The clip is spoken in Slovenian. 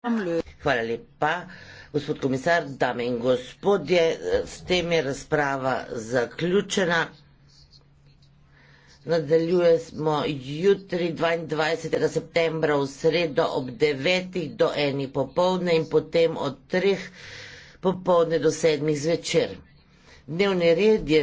Hvala lepa, gospod komisar, dame in gospodje. S tem je razprava zaključena. Nadaljujemo jutri, 22. septembra, v sredo ob 9. do 1. popovdne in potem od 3. popovdne do 7. zvečer. Dnevni red je.